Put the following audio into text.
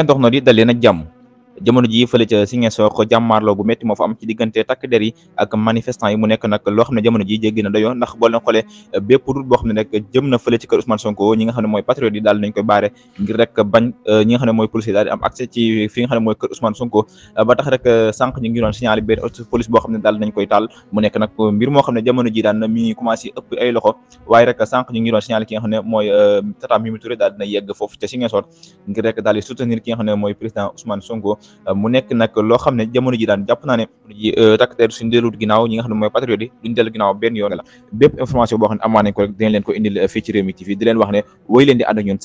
internet yi dal leen ak jàmm jamono ji fële ca Ziguinchor ko jàmmaarloo bu métti moo fa am ci diggante takk der ak manifestant yi mu nekk nag loo xam ne jamono ji jéggi na dayoo ndax boo leen xoolee eh, bépp route boo xam ne rek jëm na fële ci kër Ousmane Sonko ñi mooy patriote yi daal nañ koy baare ngir rek bañ eh, ñi nga xam am accès ci fi nga xam ne mooy kër Ousmane Sonko eh, ba tax rek sànq ñu ngi doon signalé benn police boo xam ne daal nañ koy taal nekk nag mbir moo xam ne jamono ji daan mi ngi commencé ëpp ay loxo waaye rek sànq ñu ngi doon signalé ki nga xam ne mooy tata Mimi Touré daal Euh, mu nekk nag loo xam ne jamono ji daan jàpp naa ne euh, takk der suñu delluwut ginnaaw ñi nga xam ne mooy patriote yi duñu dellu ginnaaw benn yoon la bépp information boo xam ne amaa nañ ko rek dinañ leen euh, di leen wax ne woy leen di ànd ak ñun